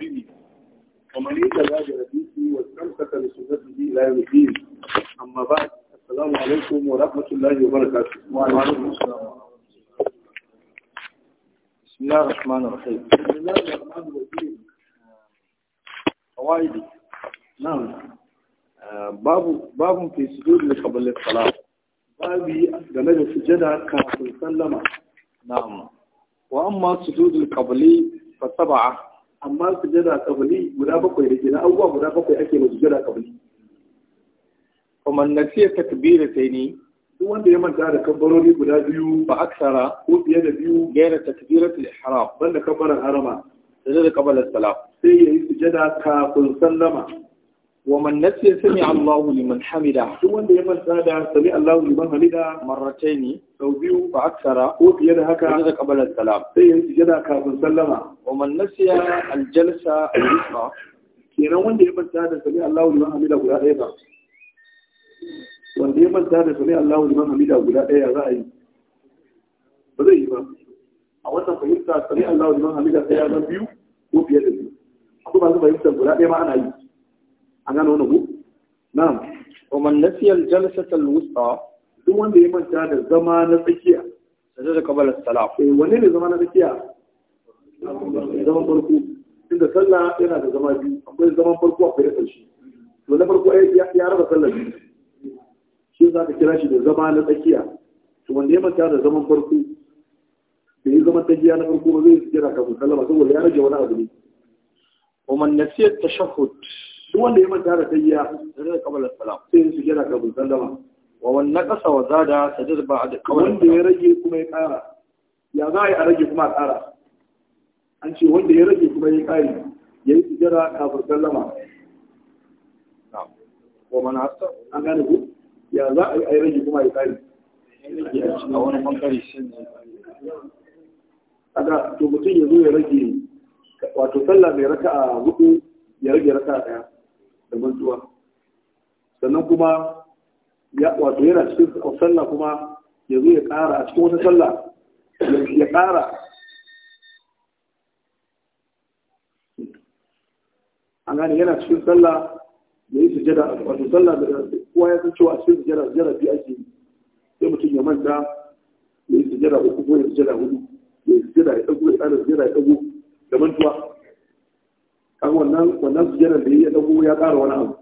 به ومن يتبع بهديه واستمسك بسنته الى يوم الدين اما بعد السلام عليكم ورحمه الله وبركاته وعليكم السلام بسم الله الرحمن الرحيم بسم الله الرحمن الرحيم فوائد نعم باب باب في سجود قبل الصلاه babi game da sujada kafin sallama na'am wa amma sujudul qabli fa sab'a amma sujada kabali guda bakwai da ke na abubuwa guda bakwai ake ma sujada kabali kamar na siya takbira sai ni duk wanda ya manta da kabbarori guda biyu ba aksara ko fiye da biyu gaira takbiratul ihram banda kabbaran harama sujada kabbalar salam sai yayi sujada kafin sallama ومن نسي سمع الله لمن حمده شو وين يمن هذا سمع الله لمن حمده مرتين او بيو فاكثر او في هذا قبل السلام سي جدا كافن سلم ومن نسي الجلسه الوسطى kenan wanda ya manta da sami Allahu liman hamida guda ɗaya ba wanda ya manta da sami Allahu liman hamida guda ɗaya za a yi ba zai yi ba a wannan fahimta sami Allahu liman hamida sai ya zan biyu ko fiye da masu guda ɗaya ana yi an gano wani ku na'am wa man nasiya al-jalsata al-wusta duk wanda ya manta da zama na tsakiya sai da kabbalar salam eh wanne ne zama na tsakiya zaman farko inda sallah yana da zama biyu akwai zaman farko akwai na ƙarshe to na farko eh, ya raba sallah biyu shi za ka kira shi da zama na tsakiya to wanda ya manta da zaman farko da ya zama tsakiya na farko ba zai kira kafin sallah ba saboda ya rage wani abu ne ومن نسي التشهد shi wanda ya manta da tayya da kabala salam sai su jira kabul sallama wa wan naqasa wa zada sadar ba da kawai wanda ya rage kuma ya ƙara ya za a rage kuma a ƙara an ce wanda ya rage kuma ya ƙare, ya yi sujjara kafin sallama wa mana hasa an gane ku ya za a yi rage kuma ya ƙari a wani bangare shi ne to mutum ya zo ya rage wato sallah mai raka a hudu ya rage raka a ɗaya da mantuwa sannan kuma ya wato yana cikin sallah kuma ya zo ya ƙara a cikin wata sallah ya ƙara an gane yana cikin sallah ya yi sujada wato sallah da kowa ya san cewa a cikin sujada sujada biyu ake sai mutum ya manta ya yi sujada uku ko ya sujada hudu ya yi sujada ya ɗago ya ƙara ya ɗago da mantuwa kaga wannan wannan sujjadar da ya dago ya ƙara wani abu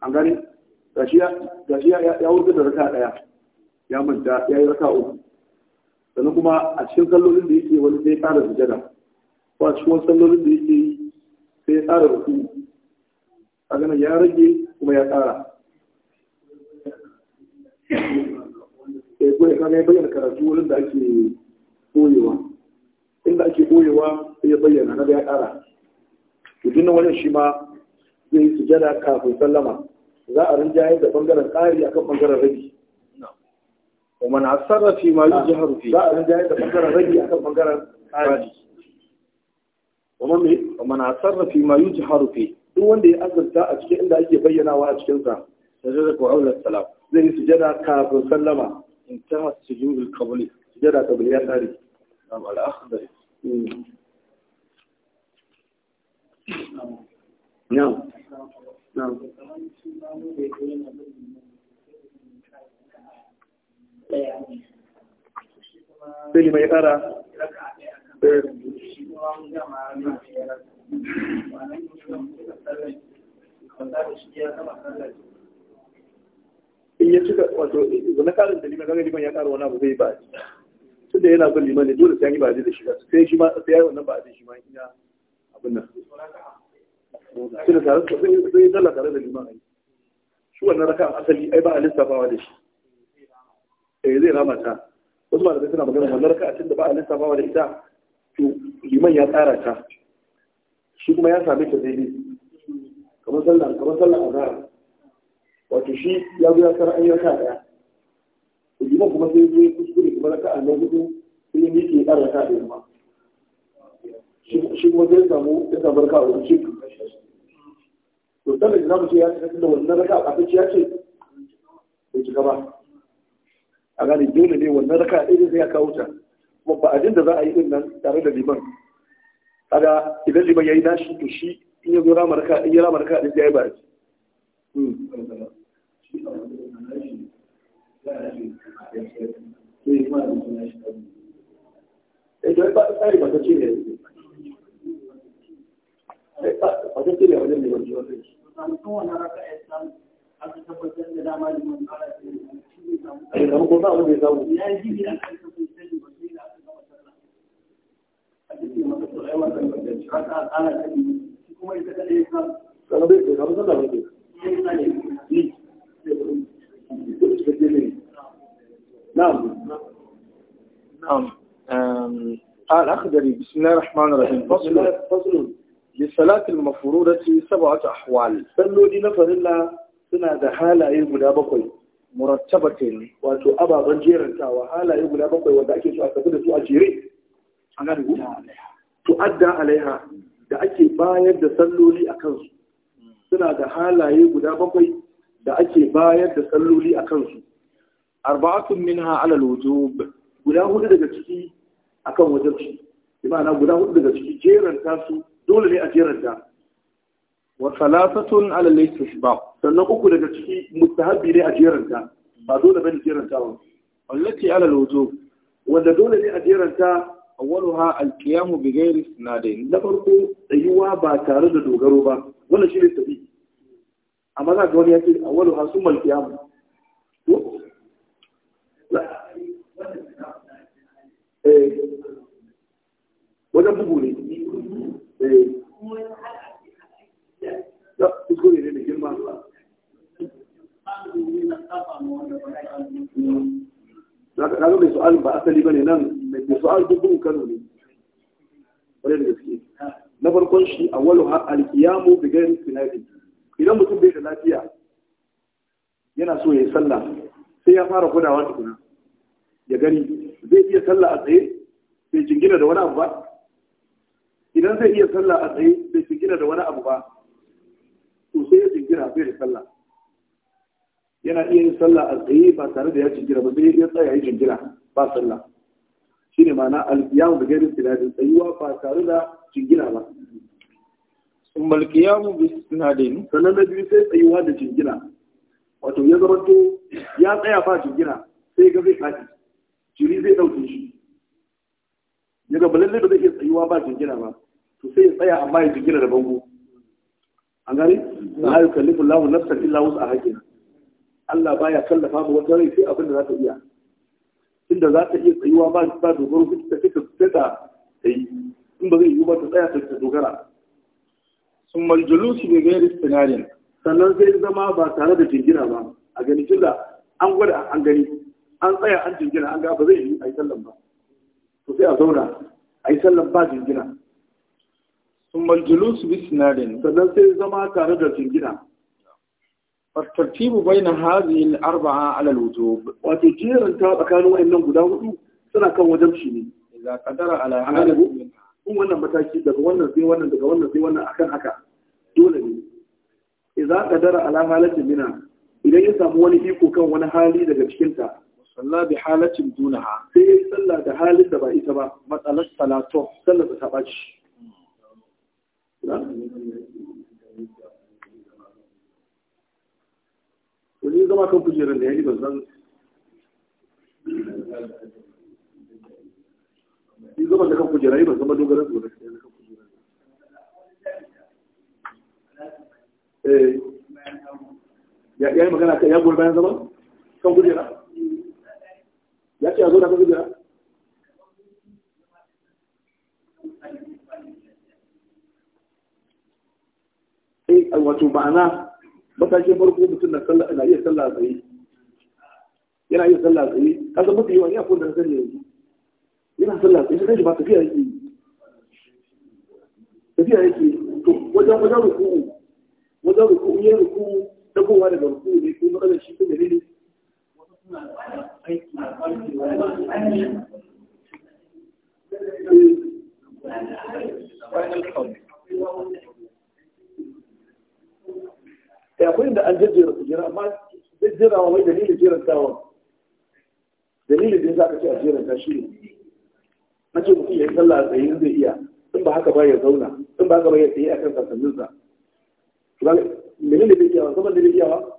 an gane gashi ya ya wurga da raka daya ya manta ya yi raka uku sannan kuma a cikin sallolin da yake wani sai ƙara sujjada ko a cikin sallolin da yake yi sai ya ƙara ruku A nan ya rage kuma ya ƙara eh ko ya ya bayyana karatu wurin da ake koyewa inda ake koyewa sai ya bayyana na ya ƙara to wajen shi ma zai yi sujada kafin sallama za a rinjayar da bangaren ƙari akan bangaren rabi ومن أصر في ما يجهر فيه لا أنا جاي تفكر رجي أكثر فكر عادي ومن na sarrafi ma ما يجهر فيه duk wanda ya azurta a cikin inda ake bayyanawa a cikin sa sajada ko aula salam zai yi sujada kafin sallama su sujudul qabli sujada qabli ya tsari na na sai mai tsara eh. in ya cika wato wani karin da liman liman ya kara wani abu zai ba shi tunda yana bin liman ne dole sai ya yi ba zai da shi ba sai shi ma sai ya yi wannan ba zai shi ma in ya abin suna tare zai dala tare da liman shi wannan raka asali ai ba a lissafawa da shi eh zai ramata wasu malamai suna magana wannan raka tun da ba a lissafawa da ita to liman ya tsara ta shi kuma ya same ta daidai kamar sallah kamar sallah azhar wato shi ya zo ya tsara an yi raka daya liman kuma sai zai kuskure kuma raka a nan hudu sai ya miƙe ɗan raka da yamma shi kuma zai samu ya samu raka a wuce to dan da zamu ce ya ce da wannan raka a kace ya ce bai cika ba a gane dole ne wannan raka ɗaya zai ya kawo ta kuma ba abin da za a yi din nan tare da liman kaga idan liman yi nashi to shi in ya zo rama raka in ya rama raka ɗaya yayi ba hmm. Eh, ba tsari ba ta ce ne wajen su ne wajen ne wajen wajen shi. Ai, zama ko ba wanda ya samu. Ya yi jiki da kan tafi sani ba sai da aka gama sallah. A cikin masu tsoron wannan wajen shi, haka ana kan kuma ita kaɗai ya samu. Kana bai kai kamar sallah ba ke. نعم نعم الأخضر بسم الله الرحمن الرحيم فصل فصل للصلاة المفروضة ahwal أحوال na farilla suna da halaye guda bakwai murattabatin wato ababen jerantawa halaye guda bakwai wanda ake so a tafi da su a jere an gane To Adda alaiha da ake bayar da salloli a kansu suna da halaye guda bakwai da ake bayar da salloli a kansu arba'atun minha ala wujub guda hudu daga ciki akan wajibci imana guda hudu daga ciki jerantasu su dole ne a jeranta wa salasatun ala al ba. sannan uku daga ciki mustahabi ne a jeranta ba dole bane jeranta ba wallahi ala al-wujub wanda dole ne a jeranta awwaluha al-qiyam bi ghairi sunadain da farko tsayuwa ba tare da dogaro ba wannan shi ne tafi amma za ka wani ya ce awwaluha summa al-qiyam eh, wajen bugu ne na farkon shi a walu alkiyamu da gairin sinadi idan mutum bai da lafiya yana so ya yi sallah sai ya fara gudawa tukuna ya gani zai iya sallah a tsaye bai jingina da wani abu ba idan zai iya sallah a tsaye bai jingina da wani abu ba to sai ya jingina bai da sallah yana iya yin sallah a tsaye ba tare da ya jingina ba sai ya tsaya ya jingina ba sallah shine ma'ana alkiyamu da gairin ghairi tsayuwa ba tare da jingina ba Malkiyamu al da bi sannan na biyu sai tsayuwa da jingina wato ya zama to ya tsaya fa jingina sai ga zai kaji jiri zai ɗauke shi ya ga lalle ba zai iya tsayuwa ba jingina ba to sai ya tsaya amma ya jingina da bango an gani mm. ayu kallifu Allahu nafsan illa wus'aha Allah baya kallafa ba wata rai sai abin da za ta iya inda za ta iya tsayuwa ba ba dogaro ta take ta ta yi in ba zai yi ba ta tsaya ta dogara sun maljulusi ne gairi sinarin sannan sai zama ba tare da jingina ba a gani tunda an gwada an gani an tsaya an jingina an ga ba zai yi a yi sallan ba to sai a zauna a yi sallan ba jingina sun maljulu su bi sinadin sannan sai zama tare da jingina fattartibu bai na yin arba'a a wuto wato jerin ta tsakanin wayannan guda hudu suna kan wajen shi ne za kadara ala halibu kun wannan mataki daga wannan sai wannan daga wannan sai wannan akan haka dole ne idza qadara ala halatin mina idan ya samu wani iko kan wani hali daga cikinta salla bi halatin dunaha sai yayi salla da halin da ba ita ba matsalar salatu sallar ta baci wani zama kan kujerar da ya yi bazan yi zama da kan kujerar yi bazan madogarar zuwa da kan kujerar eh ya yi magana ya goyi bayan zama kan kujera ya ce a zo da kasu jira sai eh, wato ma'ana matakin farko mutum na iya sallah tsaye yana iya sallah tsaye kasan mafi yawan ya kunda sani yanzu yana sallah tsaye sai shi ba tafiya yake tafiya yake to wajen wajen ruku'u wajen ruku'u yin ruku'u dagowa daga ruku'u ne ko matsalar shi ta dalilin ya akwai da an jajjera jira, amma jajjerawa mai dalilin jerantawa dalilin da za sa ka ce a jeranta shi ne na ce mutum ya yi sallah a tsaye zai iya in ba haka ba ya zauna in ba haka ba ya tsaye a kan sassaninsa dalilin da ya iyawa saboda da ya iyawa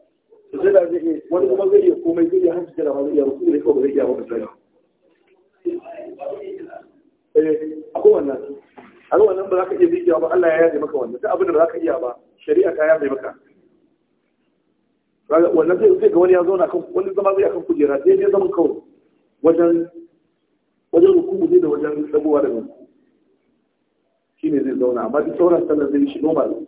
sujada zai iya wani kuma zai iya komai zai iya zai iya eh, akwai wannan a ga wannan ba za ka iya ba Allah ya maka abin da ba za ka iya ba shari'a ta maka wannan zai ga wani ya zauna kan wani zama zai akan kujera sai zai zaman kawai wajen wajen zai da wajen tsagowa da nan shine zai zauna amma duk sauran sannan zai shi normal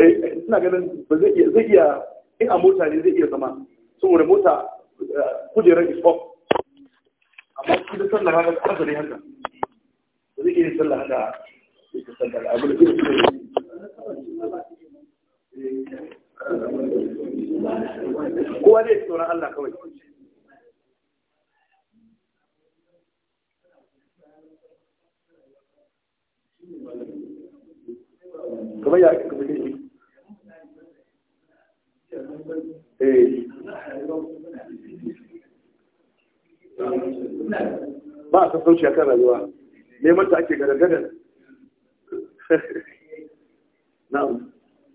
eh ina ganin ba zai iya zai iya in a mota ne zai iya zama saboda mota eh, kujerar is off amma shi da sallah haka haka ne haka ba zai iya sallah haka ita sallah abu da ke kowa zai tsoron Allah kawai kamar ya kamar Eh. ba a sassauci a kan rayuwa neman ta ake gadagadan na'am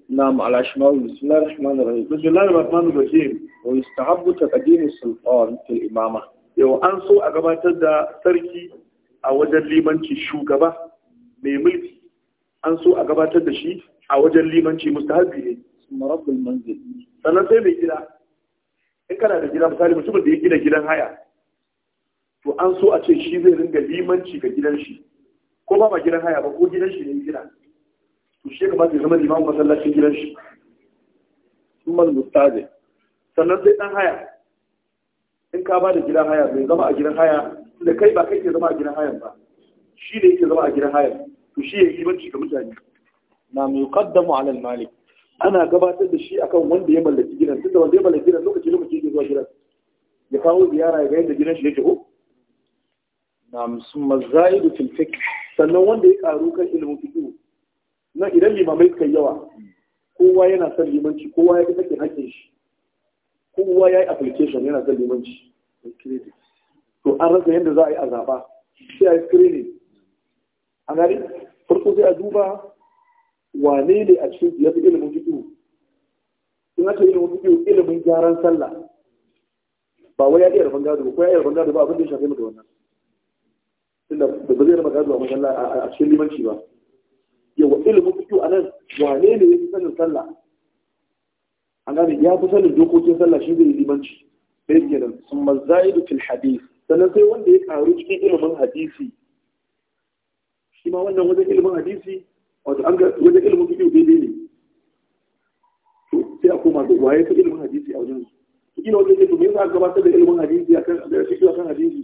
na'am alashmaru bismillahir rahmanir rahim bismillahir rahmanir ta wa yustahabbu taqdimu sultan fil imama yau an so a gabatar da sarki a wajen limanci shugaba mai mulki an so a gabatar da shi a wajen limanci mustahabbi ne marabbul manzil sannan sai mai gida in kana da gida misali mutumin da ya gina gidan haya to an so a ce shi zai ringa limanci ga gidan shi ko ba ma gidan haya ba ko gidan shi ne gina to shi ya ya zama limamin masallacin gidan shi summal mustaje sannan sai dan haya in ka ba da gidan haya mai zama a gidan haya da kai ba kai ke zama a gidan hayan ba shi ne yake zama a gidan hayan to shi ya yi limanci ga mutane na mai yuqaddamu ala al-malik ana gabatar da shi akan wanda ya mallaki gidan tunda wanda ya mallaki gidan lokaci lokaci yake zuwa gidan ya kawo ziyara ya ga yadda gidan shi yake ko na musamman zaidu fil fiqh sannan wanda ya karu kan ilimin fiqh na idan limamai suka yawa kowa yana son limanci kowa ya fi sakin hakkin shi kowa ya yi application yana son limanci to an rasa yadda za a yi a zaɓa sai a yi screening a gari farko sai a duba wane ne a cikin ya fi ilimin fito? in aka ilimin fito ilimin gyaran sallah ba wai ya iya rabon gado ko ya iya rabon gado ba abin da ya shafi mu da wannan da ba zai raba gado a mashallah a cikin limanci ba yawa ilimin fito a nan wane ne ya fi sanin sallah an gane ya fi sanin dokokin sallah shi zai limanci sai nan sun mazaidu fil hadis sannan sai wanda ya karu cikin ilimin hadisi shi ma wannan wajen ilimin hadisi wato an ga wajen ilimin fiƙi daidai ne to sai a koma da waye ka ilimin hadisi a wajen su kila wajen ce to me yasa aka gabatar da ilimin hadisi a kan da fiƙi a kan hadisi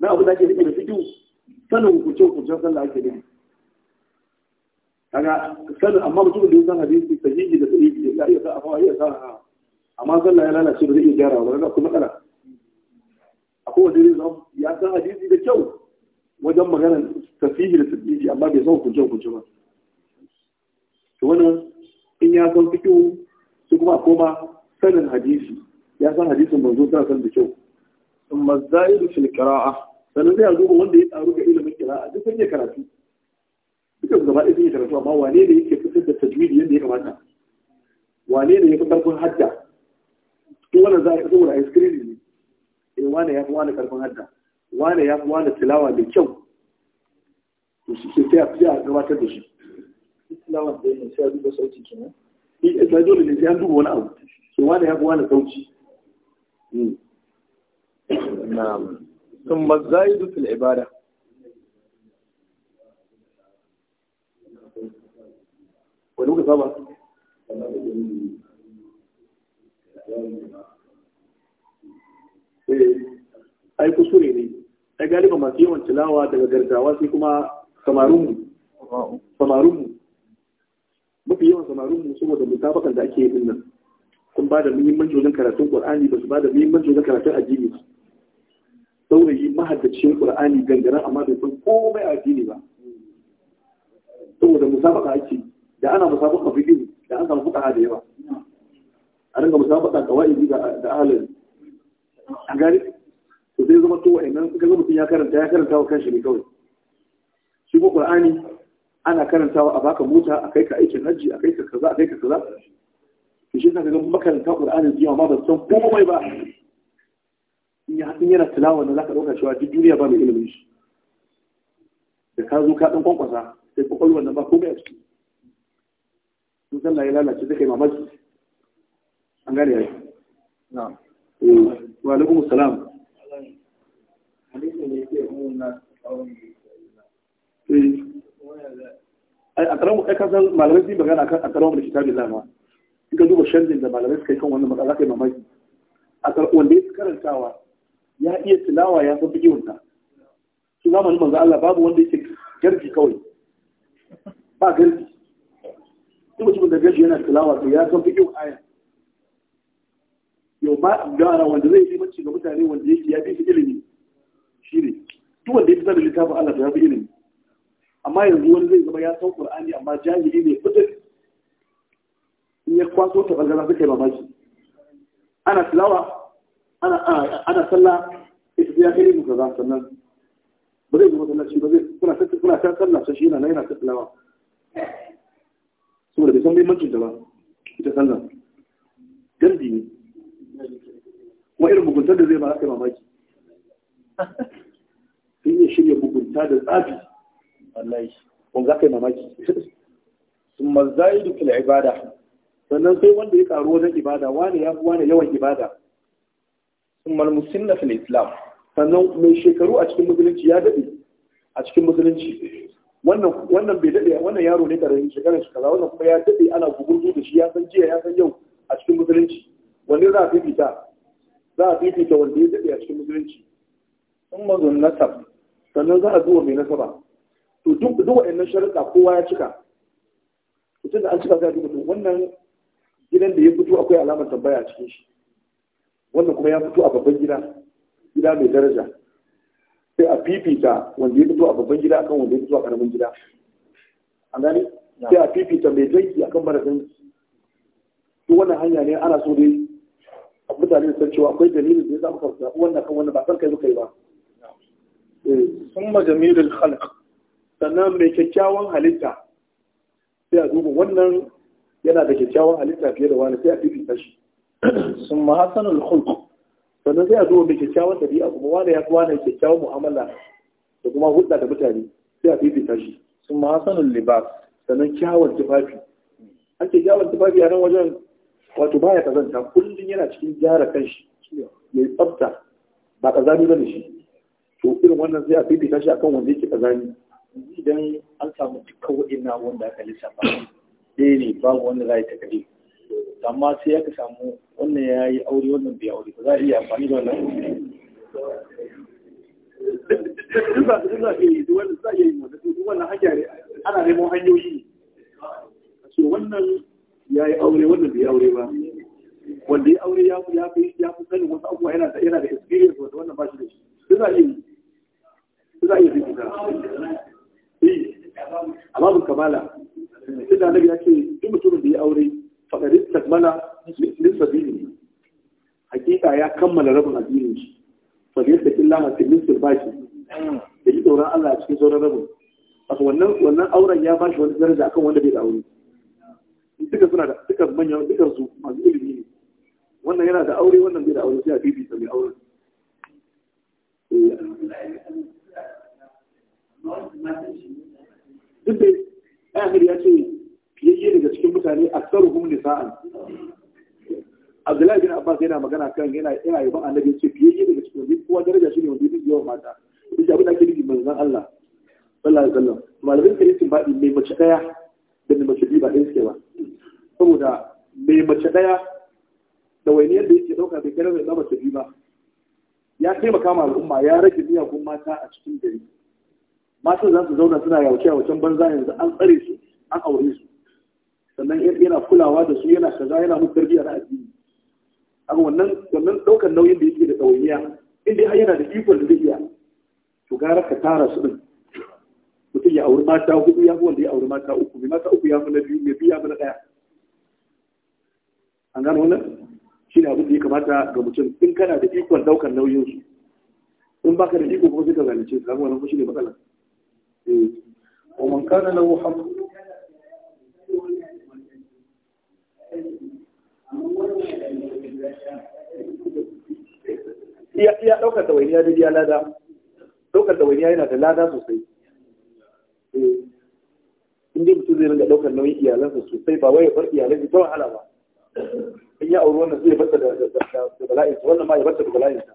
na abu da ake nufi da fiƙi sanin hukunce hukuncen sallah ake nufi kaga sanin amma mutum da ya san hadisi sahihi da sahihi ya iya sa amma ya sa amma sallah ya lalace ba zai iya gyara ba ga kuma matsala akwai wanda zai zama ya san hadisi da kyau wajen maganar tafihi da tafihi amma bai san hukunce hukunce ba wannan in ya san fito su kuma koma sanin hadisi ya san hadisin manzo ta san da kyau amma zaidu fil qira'a sannan zai zo wanda ya tsaro ga ilimin qira'a duk sun yi karatu duka gaba ɗaya sun yi karatu amma wane ne yake fitar da tajwidi yadda ya kamata wane ne ya fi karfin hadda tun wannan za a yi saboda ice cream ne eh wane ya fi wane karfin hadda wane ya fi wane tilawa da kyau to shi sai a gabatar da shi lawan da yake eh, eh, ne sai an wani abu to hmm. wani ya na sauti ai kuskure ne ai galiba masu yawan tilawa daga gargawa sai kuma samarunmu samarunmu mafi yawan samarin mu saboda mutabakan da ake yi din nan sun ba da muhimmanci wajen karatun qur'ani ba su ba da muhimmanci wajen karatun addini ba saurayi mahaddacin qur'ani gangaren amma bai san komai a addini ba saboda musabaka ake da ana musabaka fiqh da an samu fuka da yawa a ringa musabaka kawai da ahalin a gari to zai zama to wa'annan kaga mutum ya karanta ya karanta wa kanshi ne kawai shi ko qur'ani ana karantawa a baka mota a kai ka aikin hajji a kai ka kaza a kai ka kaza to shi zaka ga makaranta Qur'ani jiya ma ba san komai ba in ya hakin yana tilawa da zaka dauka cewa duk duniya ba mai ilimin shi da ka zo ka dan kwankwasa sai kwakwalwar nan ba komai a ciki sun san ya lalace zai kai mamaki an gane ya yi na'am eh, wa alaikum salam hadisin ne ke mun na tsawon eh. a karamu kai kasan malamai sun magana kan a karamu da kitabin lama in ka duba sharhin da malamai suka yi kan wannan matsala kai mamaki a wanda ya karantawa ya iya tilawa ya san fiye wanda su zamanin manzo Allah babu wanda yake garji kawai ba garji in mutum da garji yana tilawa to ya san fiye aya yau ba gara wanda zai yi mace ga mutane wanda yake ya fi ilimi shi ne duk wanda ya fi sanin littafin Allah to ya fi ilimi amma yanzu wani zai zama ya san qur'ani amma jahili ne fitin in ya kwaso ta bazara suka yi mamaki ana tilawa ana ana sallah ita ya kai mu kaza sannan ba zai zama shi ba zai kuna ta kuna ta sallah sai yana yana ta tilawa saboda bai san bai ta ba ita sallah gandi ne kuma irin muguntar da zai ba aka mamaki sun iya shirya mugunta da tsafi wallahi kun za ka yi mamaki sun mazai dukkan ibada sannan sai wanda ya karu wajen ibada wane ya fi yawan ibada sun malmusin na fil islam sannan mai shekaru a cikin musulunci ya daɗe a cikin musulunci wannan bai daɗe wannan yaro ne ƙarfin shekarar shi kaza wannan kuma ya daɗe ana gugurzu da shi ya san jiya ya san yau a cikin musulunci wanda za a fifita za a fifita wanda ya daɗe a cikin musulunci sun mazun nasab sannan za a zuwa mai nasaba to duk waɗannan sharuɗa kowa ya cika mutum da an cika zai duka wannan gidan da ya fito akwai alamar tambaya a cikin shi wannan kuma ya fito a babban gida gida mai daraja sai a fifita wanda ya fito a babban gida akan wanda ya fito a karamin gida an gani sai a fifita mai danki akan mara danki to wannan hanya ne ana so dai a mutane da san cewa akwai dalilin da ya zama kwarta wannan kan wannan ba san kai muka yi ba eh. sun majami'ul khalq sannan mai kyakkyawan halitta sai a duba wannan yana da kyakkyawan halitta fiye da wani sai a fifita shi sun ma hasanul khulq sannan sai a duba mai kyakkyawan dabi'a kuma wani ya kuma wani kyakkyawan mu'amala da kuma hulɗa da mutane sai a fifita shi sun ma hasanul libas sannan kyawun tufafi ake kyawun tufafi a nan wajen wato baya kazanta kullum yana cikin gyara kanshi ya yi tsafta ba ƙazami ba ne shi to irin wannan sai a fifita shi akan wanda yake ƙazami. idan an samu dukkan waɗannan wanda aka lissafa ɗaya ne babu wanda za a yi takali amma sai aka samu wannan ya yi aure wannan bai aure ba za a iya amfani da wannan duk za a yi duk za a iya ana neman hanyoyi so wannan ya yi aure wannan bai aure ba wanda ya aure ya fi ya fi sanin wasu abubuwa yana da yana da experience wanda wannan ba shi da shi za a iya yi duk za a iya yi a babu kamala sai da annabi ya ce duk mutumin da ya aure faqarin takmala min sabili hakika ya kammala rabin addinin shi fa da yake Allah ta min sirbashi da yi tsoron Allah cikin sauran rabin wato wannan wannan auren ya bashi wani daraja akan wanda bai da aure duka suna da duka manyan duka su masu ilimi ne wannan yana da aure wannan bai da aure sai a bibita mai auren Thank eh. duk ahir ya ce fiye daga cikin mutane a tsaruhun nisa'an abdullahi bin abbas yana magana kan yana yana yaban annabi ce fiye daga cikin mutane kowa daraja shi ne wanda yake yawan mata duk abin da ake nufi manzon Allah sallallahu alaihi wasallam malamin kristin ba mai mace daya da mai mace biyu ba ɗaya suke ba saboda mai mace daya da wainiyar da yake dauka bai kai da mace biyu ba ya taimaka ma al'umma ya rage miyagun mata a cikin gari matan za su zauna suna yauke a wancan banza yanzu an tsare su an aure su sannan yana kulawa da su yana kaza yana musu tarbiyya na addini haka wannan wannan daukar nauyin da yake da ɗawainiya inda ya yana da ikon da zai iya to gara ka tara su din mutum ya auri mata hudu ya fi wanda ya auri mata uku mai mata uku ya fi na biyu mai biya fi na ɗaya an gano wannan shi ne abin da ya kamata ga mutum in kana da ikon daukar nauyin su in baka da iko kuma sai ka zalunce su kamar wannan shi ne matsalar ومن كان له حق iya iya ɗaukar ɗawainiya da biya lada ɗaukar ɗawainiya yana da lada sosai in dai mutum zai ringa ɗaukar nauyin iyalansa sosai ba wai ya bar iyalan ta wahala ba in ya auri wannan zai bar da bala'insa wannan ma ya bar da bala'insa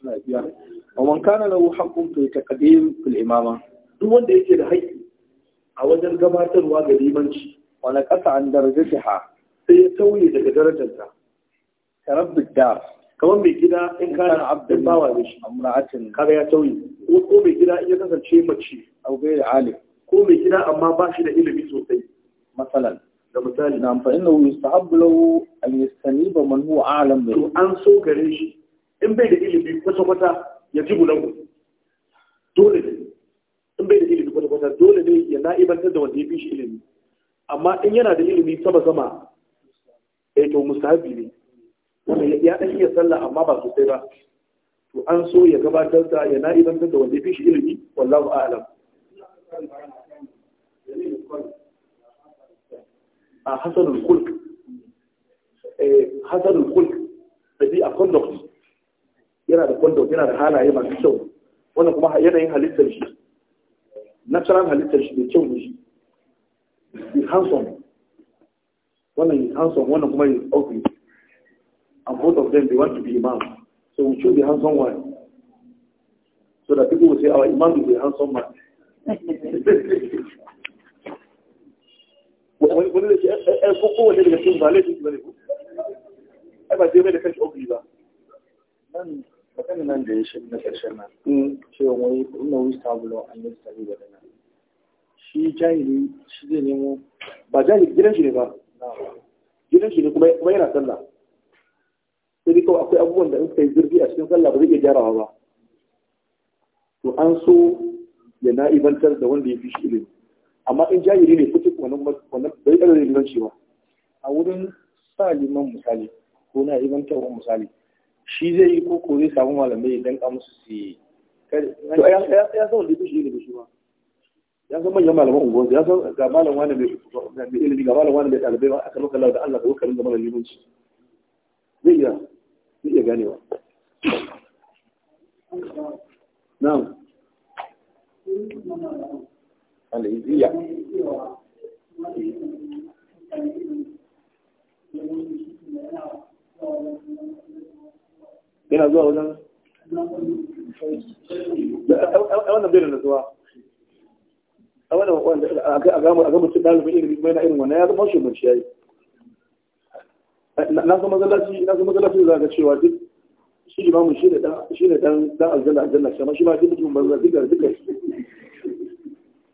suna biya wa man kana lahu haqqun fi taqdim fil duk wanda yake da haƙƙi a wajen gabatarwa ga limanci wa na qasa an darajatiha sai ya tauye daga darajarta karabbid dar kamar mai gida in kana abdin bawa da shi amra'atin kare ya tauye ko mai gida in ya kasance mace a au da alim ko mai gida amma ba shi da ilimi sosai masalan da misali na amfani da wuyi sahabbu lahu an yastaniba man huwa alam bi an so gare shi in bai da ilimi kwata-kwata ya ji ku dole ne in bai da ilimi kwata-kwata dole ne ya na'ibantar da wanda ya fi shi ilimi amma in yana da ilimi sama-sama eh to mustahabi ne wanda ya ɗan iya sallah amma ba sosai ba to an so ya gabatar da ya na'ibantar da wanda ya fi shi ilimi wallahu a'lam a ah, hasanul kulk eh hasanul kulk da bi a conduct yana da kwando yana da halaye masu kyau wannan kuma yanayin halittar shi natural halittar shi mai kyau ne shi yi Hanson. wannan yi Hanson, wannan kuma yi ofi and both of them they want to be imam so we choose be Hanson one so that people will say our imam is a Hanson man wani da shi ɗan wani eh, eh, daga cikin ba laifin ba ne ko ai ba sai mai da kashi ofi ba Magana nan da ya shi na ƙarshen nan, mm. cewa wani ina wuce tabulo an yi tsari da nan. Shi jahili shi zai nemo, ba jahili gidan shi ne ba, gidan shi ne kuma yana sallah. Sai dai kawai akwai abubuwan da in suka yi zurfi a cikin sallah ba zai iya gyarawa ba. To an so ya na'ibantar da wanda ya fi shi ilimi. Amma in jahili ne kuma wannan bai ɗaga da shi ba. A wurin sa liman misali, ko na'ibantar wa misali, shi zai yi koko zai samu malamai idan ka musu su yi to ya san wanda shi shi ma ya san manyan malaman ya san ga malam wani mai ilimi ga malam wani mai aka da Allah da malam iya zai iya Thank you. yana zuwa wajen a wannan bai da nutsuwa a wannan wanda a ga mutum ɗalibin ilimi mai na irin wannan ya zama shi mace yayi na san masallaci na san masallaci za ka cewa duk shi imamu shi ne dan shi ne dan dan aljanna aljanna shi ma shi ma duk mutum banza duka duka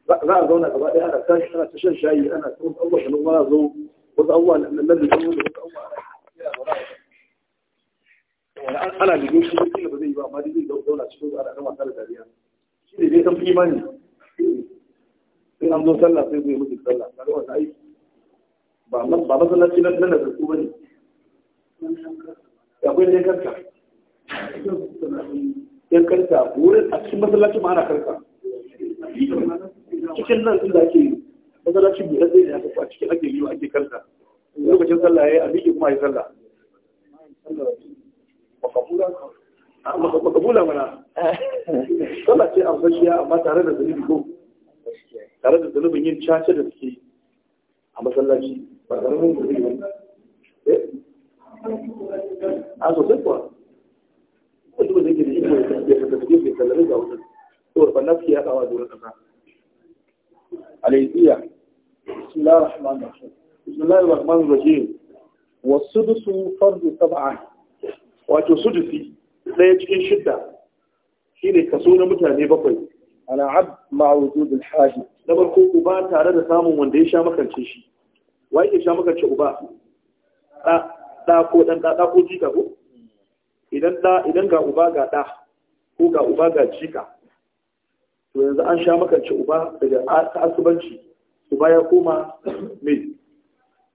za a zauna gaba ɗaya ana tashi ana ta shan shayi ana ta wasu abubuwa da noma zo wasu abubuwa na da wasu abubuwa ana da goshi da kila ba zai yi ba amma dai zai dauna cikin zuwa da kan wasa da dariya shi ne dai san fi imani sai an zo sallah sai zai mutu sallah kaga wata aiki ba masallaci na nan da su bane akwai ne karka yan karka wurin a cikin masallaci ma ana karka cikin nan inda ake yi masallaci buɗe zai ya a cikin ake yi ake karka lokacin sallah ya yi a miƙe kuma ya sallah Ah, makabula mana sallah ce an fashiya amma tare da zunubi ko tare da zunubin yin caca da suke a masallaci ba tare da zunubi ba eh? a ah, sosai kuwa kuma wanda da yake da iko ya saka suke mai sallari ga wajen saboda banna suke yaɗawa a doron ƙasa alayyiya bismillahir rahmanir rahim bismillahir rahmanir rahim wasu dusu fardu sab'a wato sudusi ɗaya cikin shidda ne kaso na mutane bakwai Ana ab ma wujud haji na barko uba tare da samun wanda ya sha makance shi Wa ya sha makance uba Ɗa ko dan da ko jika ko idan idan ga uba ga ɗa ko ga uba ga jika to yanzu an sha makance uba daga asubanci uba ya koma mai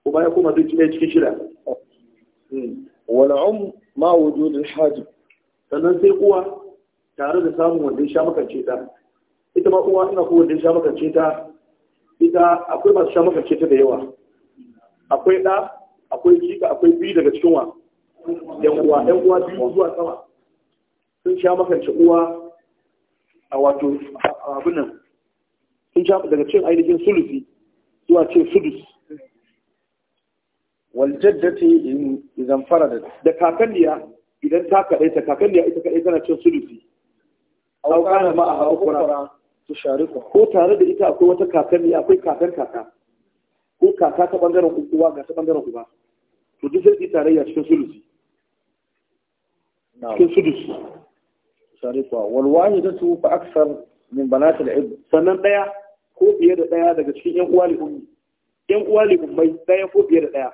uba ya koma duk cikin shida wal ma al-hajj sannan sai uwa tare da samun wanda sha makance ta ita ma uwa ina ko wanda sha makance ta ita akwai masu sha makance ta da yawa akwai ɗa akwai kika akwai biyu daga cikin wa yan uwa yan uwa biyu zuwa sama sun sha makance uwa a wato abin nan sun sha daga cin ainihin sulusi zuwa cin sudus wal jaddati in idan faradat da kakanniya idan ta ta kakanniya ita kadai tana cin sulusi aw kana ma a ukura to shariku ko tare da ita akwai wata kakanniya akwai kakan kaka ko kaka ta bangaren uwa ga ta bangaren uba to duk sai tarayya cikin sulusi cikin sulusi shariku wal wahidatu fa aksar min banatil ibn sannan daya ko fiye da daya daga cikin yan uwa li ummi yan uwa li mai daya ko fiye da daya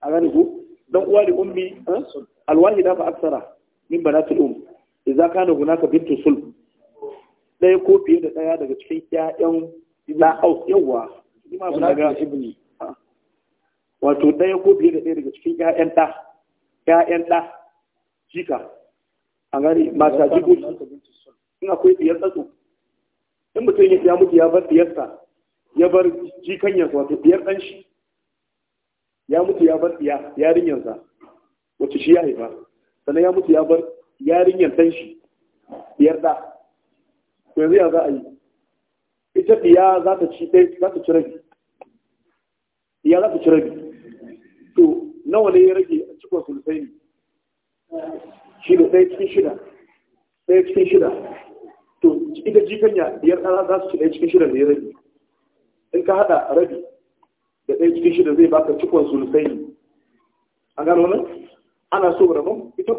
a gane ku أمي uwa da ummi eh, alwahida fa aksara min banatul um idza kana hunaka bintu sulb ɗaya ko fiye da ɗaya daga cikin ƴaƴan la'aus ابني wato ɗaya ko biyar da ɗaya daga cikin ƴaƴan ɗa ƴaƴan ɗa jika a gani mata jigo ina akwai biyar tsatso in mutum ya mutu ya bar diyarsa ya bar jikan jikanyarsa wato biyar ɗan shi ya mutu ya bar ya yarinyarsa wacce shi ya haifa sannan ya mutu ya bar yarinyar dan shi biyar da to yanzu ya za a yi ita diya za ta ci ɗai za ta ci rabi za ta ci rabi to nawa ne ya rage a cikin sulusai ne shi da ɗaya cikin shida ɗaya cikin shida to ita jikanya biyar ɗaya za su ci ɗaya cikin shida ne ya rage in ka haɗa rabi da ɗaya cikin shida zai baka cikon sulusai an gano nan ana so rabon ita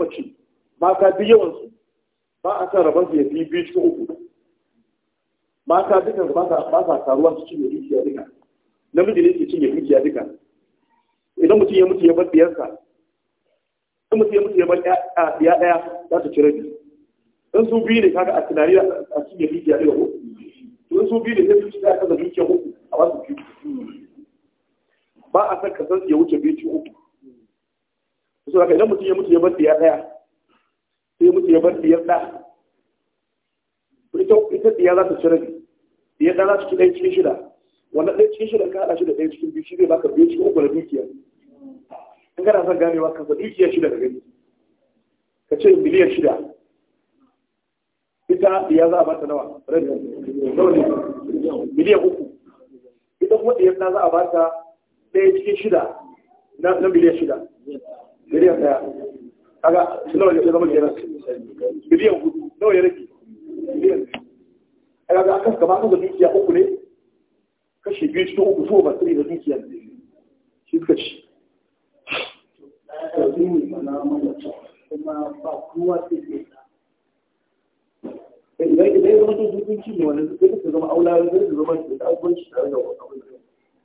mace ka bi yawansu ba a san rabon su ya fi biyu cikin uku mata dukan ba sa taruwa su cinye dukiya duka namiji ne su cinye dukiya duka idan mutum ya mutu ya bar diyarsa idan mutum ya mutu ya bar ya ɗaya za ta ci rabi in su biyu ne kaga a tunani a cinye dukiya duka ko in su biyu ne sai su ci ta kasa dukiya uku ka san ya wuce biyu uku su ka idan mutum ya mutu ya bar diya ɗaya sai ya mutu ya bar diyar ɗa ita ita diya za ta ci rabi diyar ɗa za ta ci ɗaya cikin shida wannan ɗaya cikin shida ka haɗa shi da ɗaya cikin biyu shi zai baka biyu cikin uku na dukiya in kana son ganewa ka sa dukiya shida ka gani ka ce miliyan shida ita diya za a bata nawa rabi miliyan uku ita kuma diyar ɗa za a bata ɗaya cikin shida na miliyan shida miliyan ɗaya kaga nawa ya zama kenan miliyan hudu nawa ya rage miliyan a kaga akan gaba kan dukiya uku ne kashi biyu cikin uku su ba tsiri da dukiya shi suka ci kuma ba kowa sai ke idan idan ya zama dokokin ne wannan zai zama aula zai zama da abubuwan shi tare da wani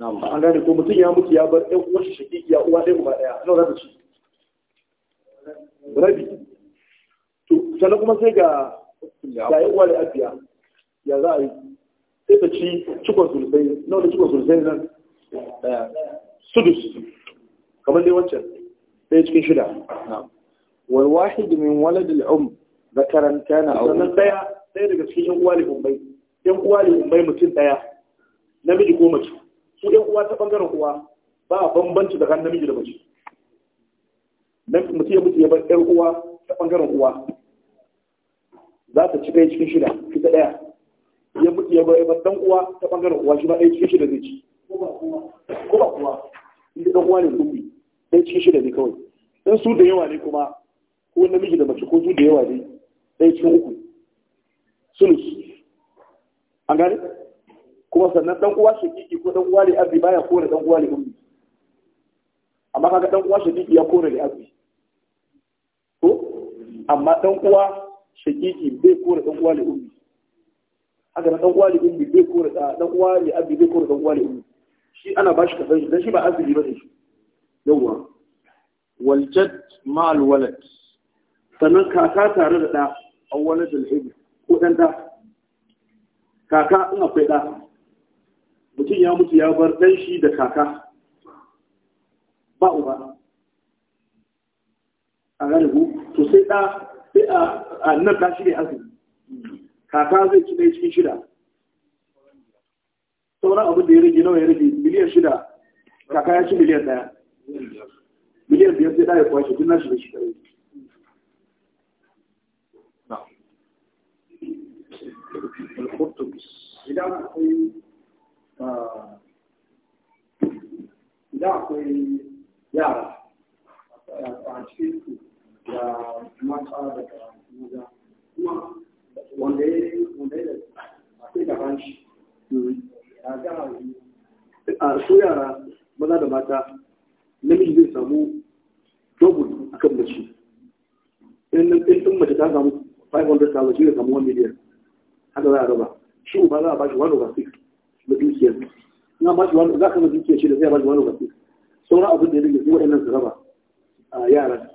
an gane ko mutum ya mutu ya bar ɗan uwar shi shaƙi ya uwa ɗaya uba ɗaya nawa za ta ci rabi to sannan kuma sai ga ga uwa da abiya ya za a yi sai ta ci cikon sulusai nawa da cikon sulusai nan sudus kamar dai wancan ɗaya cikin shida wal wahid min walad al um zakaran kana aw sannan ɗaya ɗaya daga cikin yan uwa da umbai yan uwa da umbai mutum ɗaya namiji ko mace su uwa ta ɓangaren uwa ba bambanci kan namiji da mace nan mutum ya mutu ya bar ɗan uwa ta ɓangaren uwa za ta ci ɗaya cikin shida ita ɗaya ya mutu ya bar ɗan uwa ta ɓangaren uwa shi ba ɗaya cikin shida zai ci ko ba kuwa inda ɗan uwa ne zubi ɗaya cikin shida ne kawai in su da yawa ne kuma ko namiji da mace ko su da yawa ne ɗaya cikin uku sulus an gane kuma sannan dan uwa shakiki ko dan uwa da abi baya kore dan uwa da ummi amma kaga dan uwa shakiki ya kore da abi to amma dan uwa shakiki bai kore dan uwa da ummi haka dan uwa da ummi ah, bai kore dan uwa abi bai kore dan uwa da ummi shi ana bashi kafin shi dan shi ba azumi ba shi yawwa wal jadd ma al walad sannan kaka tare da da awwalad al ko dan da kaka in akwai da mutum ya mutu ya bar ɗan shi da kaka ba uba a galibu to sai ɗa sai a nan ta shi ne azumi kaka zai ci ɗaya cikin shida sauran abin da ya rage nawa ya rage miliyan shida kaka ya ci miliyan ɗaya miliyan biyar sai ya kwashe duk nashi da shi kare idan akwai idan akwai yara a cikin su da mata kuma yi da su yara maza da mata namiji zai samu double akan mace in mace ta samu 500,000 shi da samu 1 haka za a raba shi uba za a bashi 1 over 6 na dukiyar na ba shi wani za ka na shi da zai ba shi wani lokaci sauran abin da ya rage kuma su raba a yaran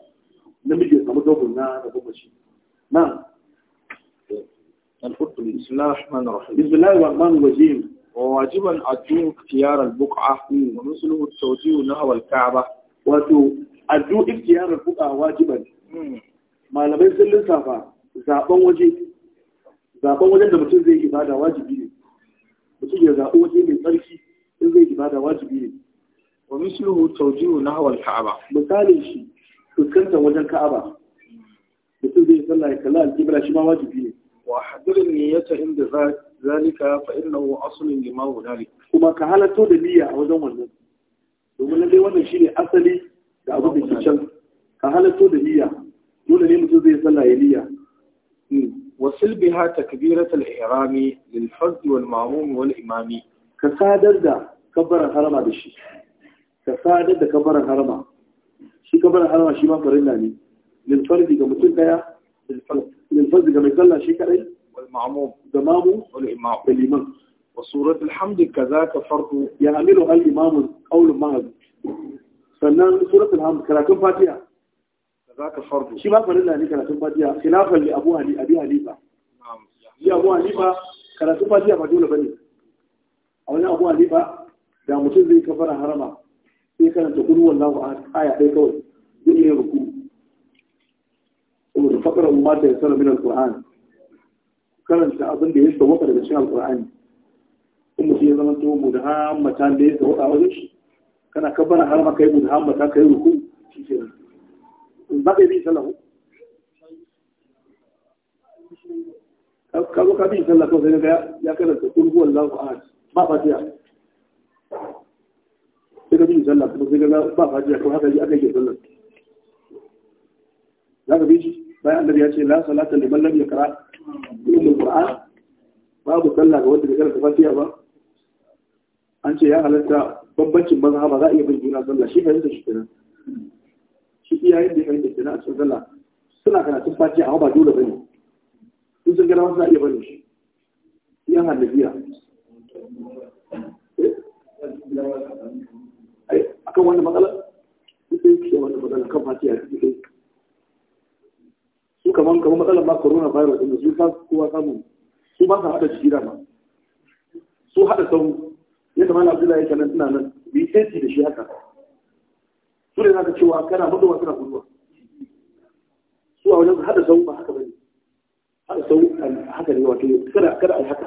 namiji ya samu dogon na da gwamnati na الفضل بسم الله الرحمن الرحيم بسم الله الرحمن الرحيم وواجبا أدو اختيار البقعة ومثله التوجيه نحو الكعبة وأدو أدو اختيار البقعة واجبا ما لم يزل لسافة zaɓen waje zaɓen wajen da mutum zai ibada mutum ya zaɓi waje mai tsarki in zai ibada wajibi ne wa misluhu tawjihu nahwa al-ka'aba misalin shi fuskantar wajen ka'aba mutum zai sallah ya kalla al-qibla shi ma wajibi ne wa hadirin niyyata inda zalika fa innahu aslun lima hunalik kuma ka halatto da niyya a wajen wannan domin lalle wannan shine asali da abu da ke can ka halatto da niyya dole ne mutum zai sallah ya niyya hmm. wasil biha takbiratul ihrami lil fard wal ma'mum wal imami ka sadar da kabbaran harama da shi ka sadar da kabbaran harama shi kabbaran harama shi ma farilla ne lil ga mutum daya lil fard ga mai sallah shi kadai wal ma'mum da mamu wal imam wal imam kazaka ya amilu sannan karatun fatiha zaka fardu shi ma farilla ne karatun fatiha khilafan li abu hali abi halifa shi abu halifa karatun fatiha ba dole bane a wani abu halifa da mutum zai kafara harama sai karanta kul wallahu ahad aya ɗaya kawai zai iya ruku saboda fakara umma ta yasara min alquran karanta abin da ya sauka daga cikin alqur'ani in mutum ya zama to mu da ya sauka wajen shi kana kafara harama kai mu da mudhammata kai ruku shi kenan zaɓe bi sallahu ka zo ka bi sallah kawai sai ya karanta kun huwa Allahu ba fatiha sai ka bi sallah kuma sai ka ba fatiha kawai haka aka yi sallah za ka bi shi bayan annabi ya ce la salata liman lam yaqra ummul qur'an babu sallah ga wanda bai karanta fatiha ba an ce ya halatta bambancin mazhaba za a iya bin juna sallah shi shi su iyayen da ya da na a cikin sallah suna karatun fatiha amma ba dole bane sun san gana suna iya bane shi yan hannabiya eh? akan wannan matsala yi ke wani matsala kan su kaman kaman matsalan ba corona virus su ba kowa samu su ba sa hada jiki da su hada sau ya kamata Abdullahi ya kana nan bi sai da shi haka su ne zaka cewa kana mutuwa na guduwa su a wajen hada sau ba haka bane hada sau haka ne wato kada kada ai haka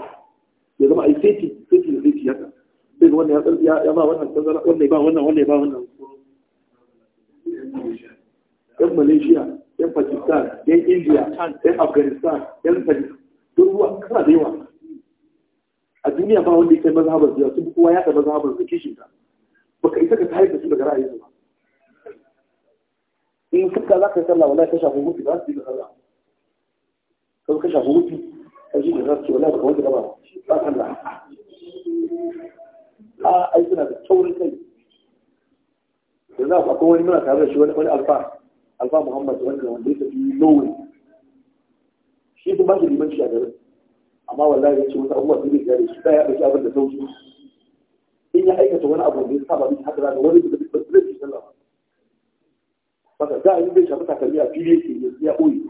ya zama ai seti seti da seti haka sai ga wannan ya ya ba wannan tazara wannan ba wannan wannan ba wannan yan malaysia yan pakistan yan india yan afghanistan yan pakistan duk ruwa kana da yawa a duniya ba wanda ya kai mazhabar su sun kowa ya kai mazhabar su kishin ka baka isa ka tare da su daga ra'ayin ba إن تبقى لك يسأل الله والله كشف وجودي بس دي بخلع كل كشف وجودي أجيب غرتي ولا بخلودي كمان ما خلع آه أيضنا بتصور الكل الناس أقوين منا كهذا شو ولا ولا ألفا ألفا محمد ولا كمان ليس في لون شيء ما شيء ما شيء هذا أما والله يشوف الله في ذلك شيء بس أبدا توجه إني حقيقة وأنا أبغى بس هذا بس هذا ولا بس za a yi zai shafi takalmi a fili yake yanzu ya ɓoye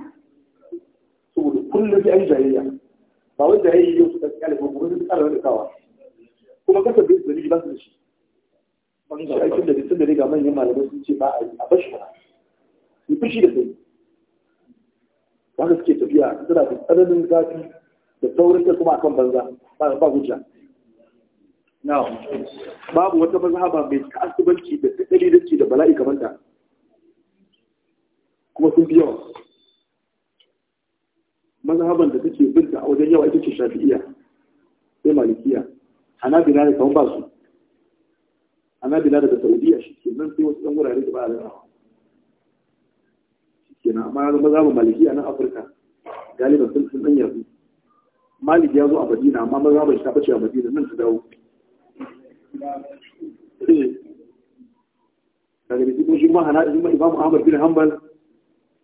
saboda kullum ya yi jayayya ba wai jayayya yau su ɗauki alifin kuma sun ƙara wani kawa kuma kasa bai su dalili ba su da shi shi aikin da bisin da riga manyan malamai sun ce ba a yi a bashi ba yi fushi da sai ba ka suke tafiya suna da tsananin zafi da saurin ta kuma akan banza ba ba hujja babu wata ba mai ta'assubanci da tsakali da ke da bala'i kamar ta kuma sun fi yawa mazhaban da take binta a wajen yawa ita ce shafi'iya sai malikiya hanabila da kawon ba su hanabila daga saudiya shi ke nan sai wasu ɗan wurare da ba a rarrawa shi ke na amma yanzu mazhaban malikiya na afirka galiban sun sun ɗan yanzu malik ya zo a madina amma mazhaban shi ta bace a madina nan su dawo eh. daga da kuma shi ma hana imam ahmad bin hanbal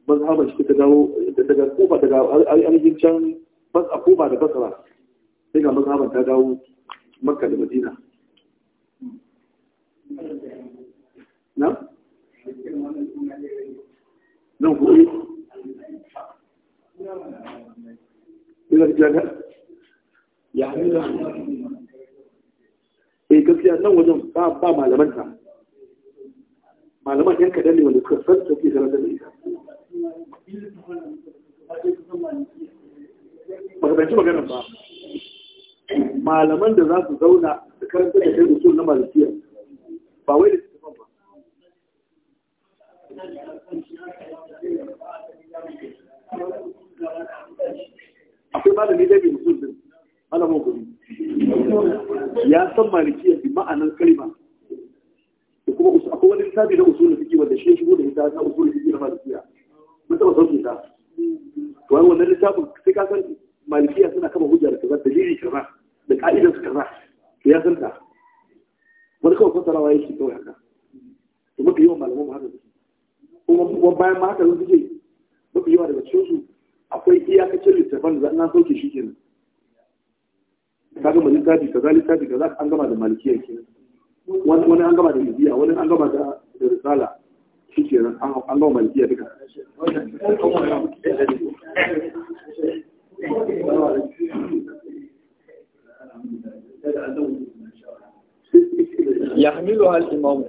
mazhaban shi ta dawo daga kufa daga ainihin can bas a kufa da basra sai ga mazhaban ta dawo makka da madina na? na kuɗi? ina da jaga? ya da hannu gaskiya nan wajen ba malamanta malaman yan kaɗan ne wanda suka san da karanta da ita maganin ba malaman da za su zauna da karanta da kai usul na malafiya ba wai da su ba akwai ba da bai usul din malamin guri ya san malafiya bi ma'anar kalima da kuma akwai wani littafi na usul da suke wanda shi ya shigo da ita na usul da suke na ka sauke ka to wannan littafin sai ka san malikiya suna kama hujja da kaza dalili kaza da ka'idar su kaza to ya san ta wani kawai fasarawa ya shi kawai haka to mafi yawan malaman haka su kuma wani bayan ma haka suke mafi yawa daga cikin su akwai iyakacin littafan da na sauke shi kenan ka gama littafi kaza littafi kaza an gama da malikiya kenan wani an gama da ibiya wani an gama da risala shi kenan an gama malikiya duka يحملها الإمام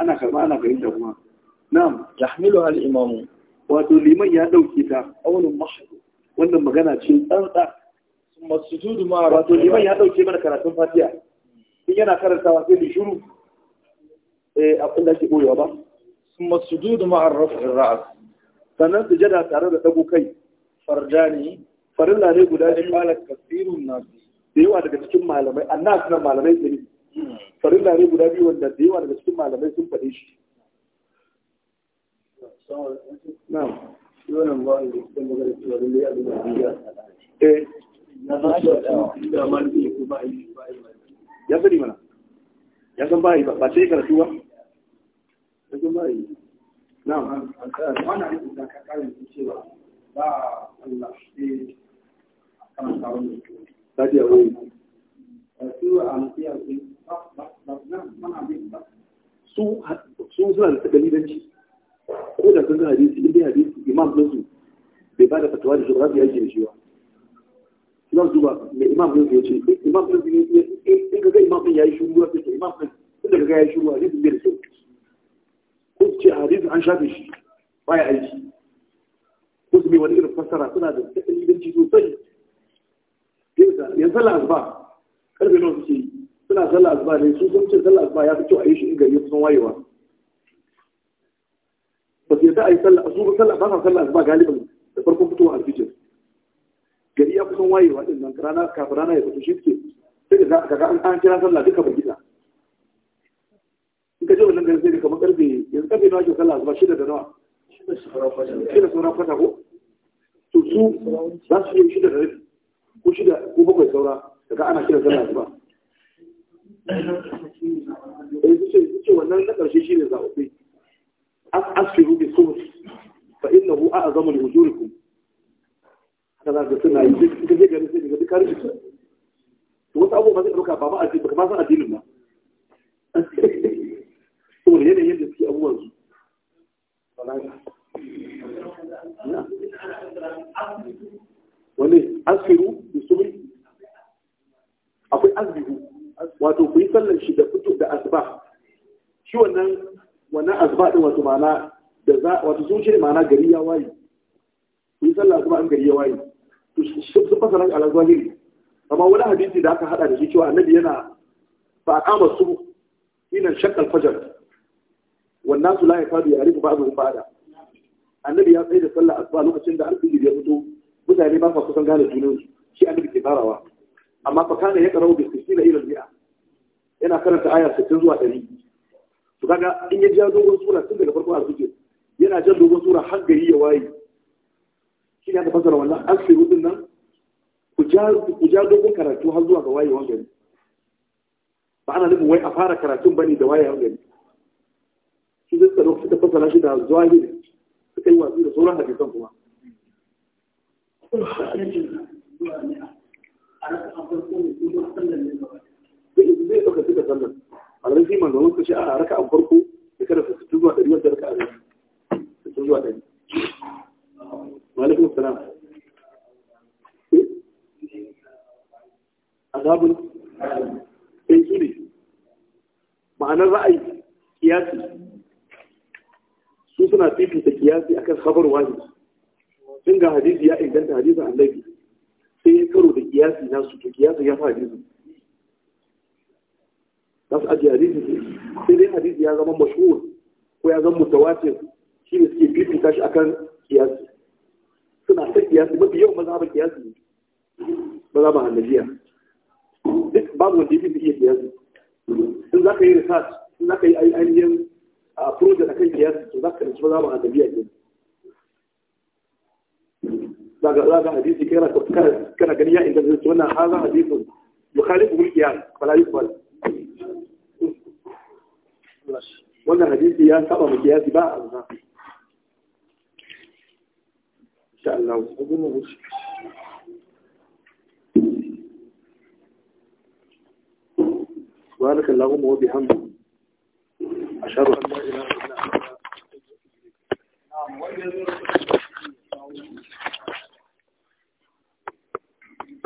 أنا كما أنا فهمت هما نعم يحملها الإمام wato liman ya ɗauke ta aunin mahaifu wannan magana ce tsantsa masujudu ma wato liman ya ɗauke mana karatun fatiya in yana karantawa sai da shuru eh abin da ake ɓoyewa ba kuma sujudu ma'ar raf'ir ra'as sannan sujada tare da dago kai farjani farilla ne guda biyu malak kasirun nasi da yawa daga cikin malamai annas na malamai ne farilla ne guda biyu wanda da yawa daga cikin malamai sun faɗe shi na'am yawan ba ne da ya san ba ba sai karatu ba jima'i na wani aiki da ka kare su cewa ba Allah shi kan tsawon da ke tafi a wani su a mutiyar ba mana bin ba su suna da takalilanci ko da sun gana hadisi inda hadisi imam ɗinsu bai ba da fatawa da ya da shi ba duba mai imam ɗin ya ce imam ya ce in ga imam ɗin ya shuru ya imam ɗin tun ga ya shuru hadisi bai da sauki ko a ce an shafe shi baya aiki ko su mai wani irin fassara suna da inganci sosai yanzu sallah asuba karfe nawa suke yi suna sallah asuba ne su sun ce sallah asuba ya fi kyau a yi shi in gari sun wayewa ba su yadda a yi sallah su ba sallah ba sa sallah asuba galibin da farkon fitowa a alfijir gari ya kusan wayewa din nan rana kafin rana ya fito shi suke sai da za a kaga an kira sallah duka ba ka je wannan garin sai kamar karfe yanzu karfe nawa ke sallah ba shida da nawa shida saura kwata ko to su za su yi shida da rabi ko shida ko bakwai saura daga ana kira sallah ba eh su ce wannan na karshe shine zaɓe asfiru bi sumus fa innahu a'zamu li ujurikum haka za ka yi ka je garin sai daga duk karshe wasu abubuwa zai ɗauka ba ma addini ba ma san addinin ba saboda yanayin da suke abubuwan su wani asiru da suri akwai asiru wato ku yi sallar shi da fito da asba shi wannan wannan asba din wato ma'ana da za wato sun ce ma'ana gari ya waye ku yi sallar asba an gari ya waye to shi sun fasa nan ala zahiri amma wani hadisi da aka haɗa da shi cewa annabi yana fa aqama subh ina shaqqal fajr wannan su la ya fadu ya arifu ba'dhum ba'da annabi ya tsaye da sallah asuba lokacin da alfijir ya fito mutane ba sa kusan gane junan su shi annabi ke farawa amma fa kana ya karau bi 60 ila al-mi'a yana karanta aya 60 zuwa 100 to kaga in ya ja dogon sura tun daga farko alfijir yana jan dogon sura har ya waye shi ne aka fasara wannan asiru din nan ku ja dogon karatu har zuwa ga wayewan gari ba ana nufin wai a fara karatun bane da wayewan gari shi suka suka fasara shi da zahiri suka yi watsi da sauran hadisan kuma zai ɗauka suka sallan a rafi manzannin suka ce a raka ياتي اكل خبر واجب فين ذا حديث يا انت حديث النبي في كرو القياس الناس القياس يا حديث بس اجي حديث في ذا حديث يا زمان مشهور هو يا زمان متواتر شيء بس كي بيت كاش اكل قياس سنا في قياس ما بيوم ما ذا قياس ما ذا بحال النبي بس بابو دي في قياس ان ذا كاين ريسيرش ان ذا كاين اي اي a project akan kiyasi to za ka rinci maza ba a tabiya ke za ka za ga hadisi kana kana gani ya inganta zai wannan haza hadisin yukhalifu bil qiyas fala yuqbal wannan hadisi ya saba mu kiyasi ba a zama insha Allah ubunu سبحانك اللهم وبحمدك أشهد أن لا إله إلا أنت نعم